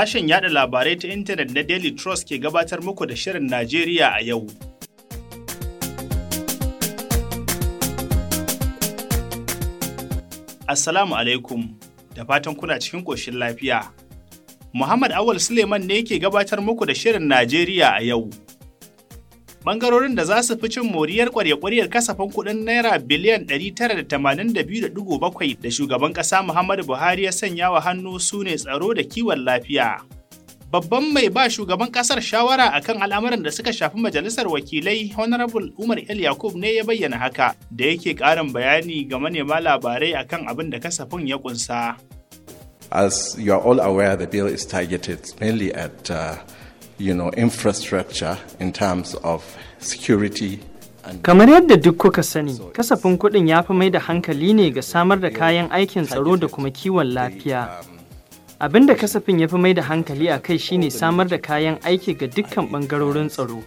Sashen yada labarai ta intanet na Daily Trust ke gabatar muku da Shirin Najeriya a yau. Assalamu alaikum, da fatan kuna cikin ƙoshin lafiya. Muhammad Awal Suleiman ne ke gabatar muku da Shirin Najeriya a yau. Bangarorin da za su fi cin moriyar kwarye-kwaryar kasafin kuɗin Naira biliyan 982.7 da shugaban ƙasa Muhammadu Buhari ya sanya wa hannu su ne tsaro da kiwon lafiya. Babban mai ba shugaban ƙasar shawara a kan al'amuran da suka shafi majalisar wakilai Honorable Umar El Yakub ne ya bayyana haka da yake ƙarin bayani ga manema labarai akan abin da kasafin ya ƙunsa. As you are all aware, the bill is targeted mainly at uh, you know, infrastructure in terms of security Kamar yadda duk kuka sani, kasafin kuɗin ya fi mai da hankali ne ga samar da kayan aikin tsaro da kuma kiwon lafiya. Abin da kasafin ya fi mai da hankali a kai shine samar da kayan aiki ga dukkan ɓangarorin tsaro,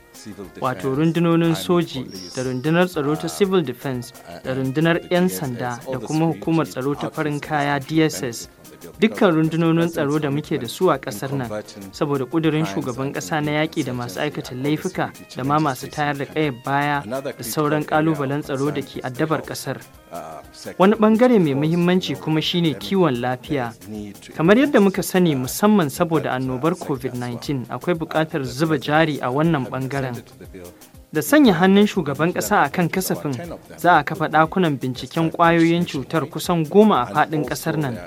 wato rundunonin soji da rundunar tsaro ta civil defense da rundunar 'yan sanda da kuma hukumar tsaro ta farin kaya DSS dukkan rundunonin tsaro da muke da su a ƙasar nan saboda ƙudurin shugaban ƙasa na yaƙi da masu aikata laifuka da ma masu tayar da ƙayar baya da sauran ƙalubalen tsaro da ke addabar ƙasar. Wani ɓangare mai muhimmanci kuma shine kiwon lafiya. Kamar yadda muka sani musamman saboda annobar COVID-19 akwai buƙatar zuba jari a wannan ɓangaren. da sanya hannun shugaban ƙasa a kan kasafin za a kafa ɗakunan binciken ƙwayoyin cutar kusan goma a faɗin ƙasar nan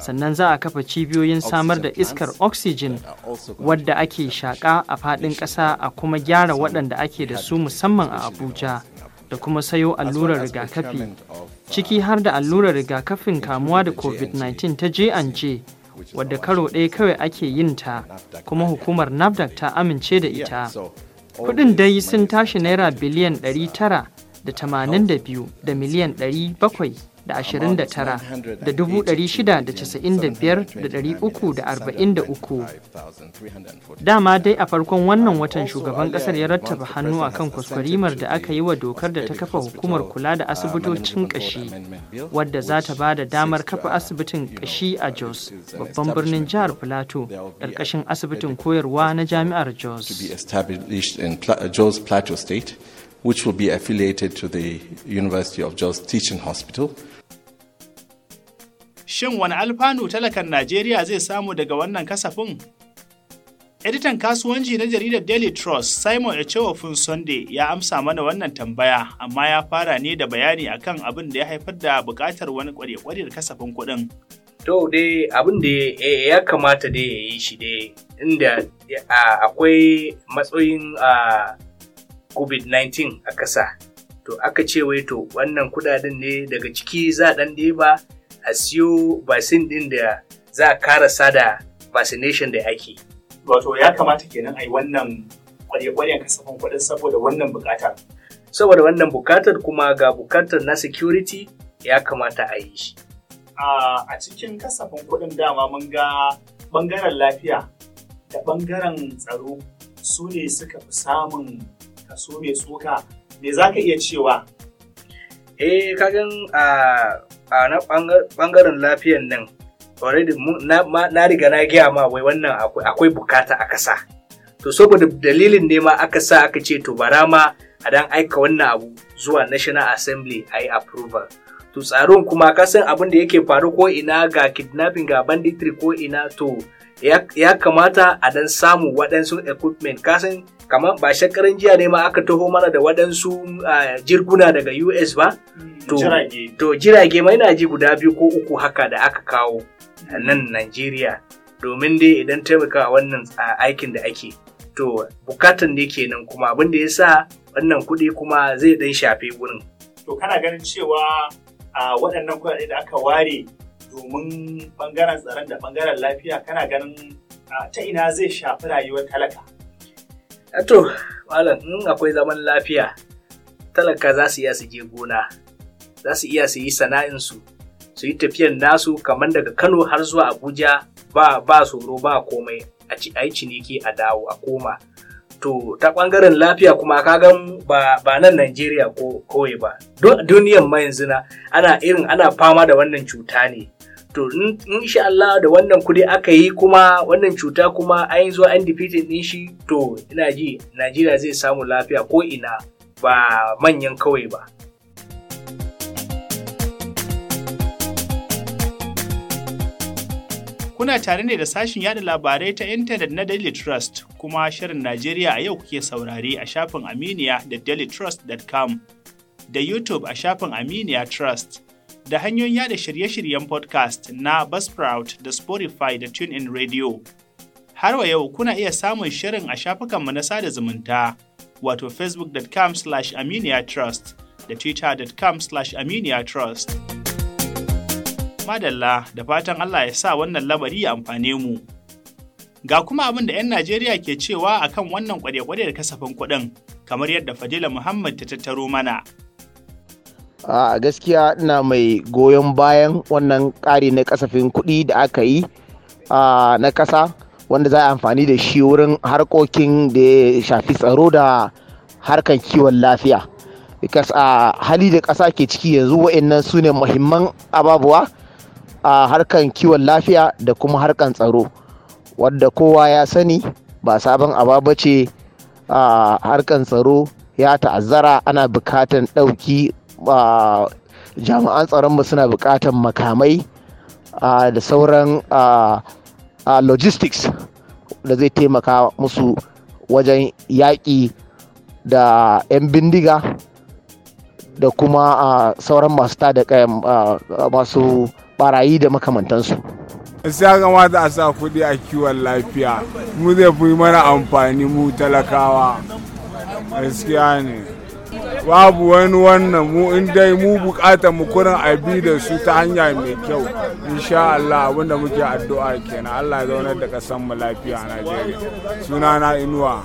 sannan za a kafa cibiyoyin samar da iskar oxygen wadda ake shaƙa a faɗin ƙasa a kuma gyara waɗanda ake da su musamman a abuja da kuma sayo allurar rigakafi ciki har da allurar rigakafin kamuwa da covid-19 ta j&j wadda karo ɗaya kawai ake yin ta kuma hukumar nafdac ta amince da ita kudin dai sun tashi naira biliyan 982 da da miliyan 700 da ashirin da tara da da da da da da dubu shida casa'in biyar uku arba'in uku. Dama dai a farkon wannan watan shugaban kasar ya rattaba hannu a kan kwaskwarimar da aka yi wa dokar da ta kafa hukumar kula da asibitocin kashi wadda za ta ba da damar kafa asibitin kashi a Jos babban birnin jihar plato ƙarƙashin asibitin koyarwa na jami'ar Jos. which will be affiliated to the University of Jos Teaching Hospital. Shin wani alfanu talakan Najeriya zai samu daga wannan kasafin? Editan kasuwanci na jaridar Daily Trust Simon Echewofun Sunday ya amsa mana wannan tambaya amma ya fara ne da bayani akan abin da ya haifar da bukatar wani kwarya da kasafin kuɗin. To dai abin da ya kamata dai ya yi shi dai inda akwai matsayin covid-19 a ƙasa to aka ce wai to wannan kudaden ne daga ciki za ɗan ba a siyo basin ɗin da za a karasa da vaccination da ake wato ya kamata kenan a yi wannan kwarye kasafin kuɗin saboda wannan buƙatar saboda wannan buƙatar kuma ga buƙatar na security ya kamata a yi shi a cikin kasafin kuɗin dama mun ga ɓangaren lafiya da ɓangaren tsaro su ne suka fi samun Ka so mai tsoka me za ka iya cewa eh kagan a a na bangaren lafiyan nan already na riga na gaya ma wai wannan akwai bukata a kasa to saboda dalilin ne ma aka sa aka ce to bara ma a dan aika wannan abu zuwa national assembly a yi approval to tsaron kuma kasan abin da yake faru ko ina ga kidnapping ga banditry ko ina to ya kamata a dan samu waɗansu equipment kasan kamar ba shekaran jiya ne ma aka taho mana da waɗansu jirguna daga US ba? Mm, to jirage ma na ji guda biyu ko uku haka da aka kawo nan Najeriya domin dai idan taimaka wannan aikin da ake. To bukatan ne kenan kuma abin da ya sa wannan kuɗi kuma zai ɗan shafe wurin. To kana ganin cewa waɗannan kuɗaɗe da aka ware domin ɓangaren tsaron da ɓangaren lafiya kana ganin ta ina zai shafi rayuwar talaka. to malam in akwai zaman lafiya talaka za su iya su je gona za su iya su yi sana'insu su yi tafiyan nasu kamar daga kano har zuwa abuja ba ba tsoro ba komai a ci a ciniki a dawo a koma to ta ɓangaren lafiya kuma ga ba ba nan najeriya ko kawai ba duniyan ma yanzu ana irin ana fama da wannan cuta ne to insha Allah da wannan kuɗi aka yi kuma wannan cuta kuma an zo an defeated din shi to ina ji Najeriya zai samu lafiya ko ina ba manyan kawai ba Kuna tare ne da sashin yada labarai ta intanet na Daily Trust kuma shirin Najeriya a yau kuke saurari a shafin Aminiya da dailytrust.com da YouTube a shafin Aminiya Trust. da hanyoyin yada shirye-shiryen podcast na Buzzsprout da Spotify da TuneIn Radio. Har wa yau kuna iya samun shirin a shafukanmu na sada zumunta wato facebook.com slash trust da twitter.com slash trust Madalla da fatan Allah ya sa wannan lamari ya amfane mu. Ga kuma abin da 'yan Najeriya ke cewa akan wannan kwade-kwade da kasafin kuɗin kamar yadda Fadila Muhammad ta tattaro mana. a gaskiya ina mai goyon bayan wannan ƙari na kasafin kuɗi da aka yi na ƙasa wanda za a amfani da shi wurin harkokin da ya shafi tsaro da harkan kiwon lafiya a hali da ƙasa ke ciki yanzu wa'annan su ne muhimman ababuwa a harkan kiwon lafiya da kuma harkan tsaro wadda kowa ya sani ba sabon ababa ce a harkan tsaro ya ta'azzara ana bukatan ɗauki jami'an tsaronmu suna bukatan makamai da sauran logistics da zai taimaka musu wajen yaƙi da 'yan bindiga da kuma sauran masu tada masu barayi da makamantansu. ya za a sa kuɗi a kiwon lafiya mu zai fi mana amfani mu talakawa gaskiya ne babu wani wannan mu in dai mu bukatar mu kurin abi da su ta hanya mai kyau insha Allah abinda muke addu'a kenan Allah ya zaunar da kasan mu lafiya a Najeriya suna na inuwa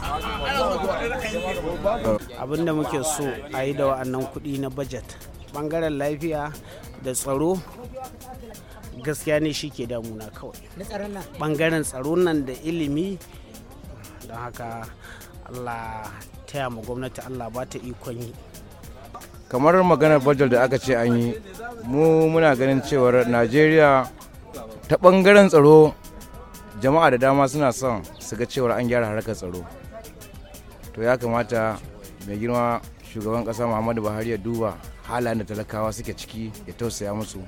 abinda muke so a yi da wa'annan kuɗi na budget bangaren lafiya da tsaro gaskiya ne shi ke damuna kawai bangaren tsaro nan da ilimi don haka Allah taya ma gwamnati allah ba ta ikon yi kamar maganar bajal da aka ce an yi mu muna ganin cewar najeriya ta bangaren tsaro jama'a da dama suna son su ga cewar an gyara harkar tsaro to ya kamata mai girma shugaban kasa muhammadu buhari ya duba halayen da talakawa suke ciki ya tausaya musu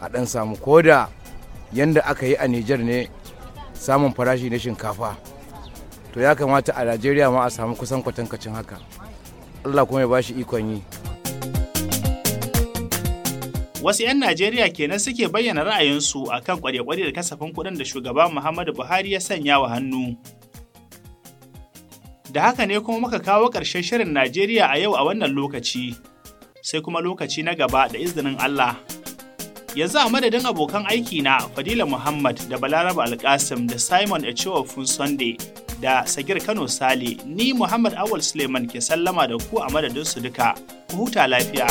a ɗan samu koda yadda aka yi a nijar ne samun farashi na shinkafa to ya kamata a najeriya ma a samu kusan kwatankacin haka allah kuma ya ba shi ikon yi wasu 'yan najeriya kenan suke bayyana ra'ayinsu a kan kwarye da kasafin kuɗin da shugaban muhammadu buhari ya sanya wa hannu da haka ne kuma muka kawo ƙarshen shirin najeriya a yau a wannan lokaci sai kuma lokaci na gaba da izinin allah yanzu a madadin abokan aiki na Fadila Muhammad da Balaraba Alkasim da Simon cewa Sunday da Sagir Kano Sale, ni Muhammad Awal Suleiman ke sallama da ku a madadin su duka. Ku huta lafiya.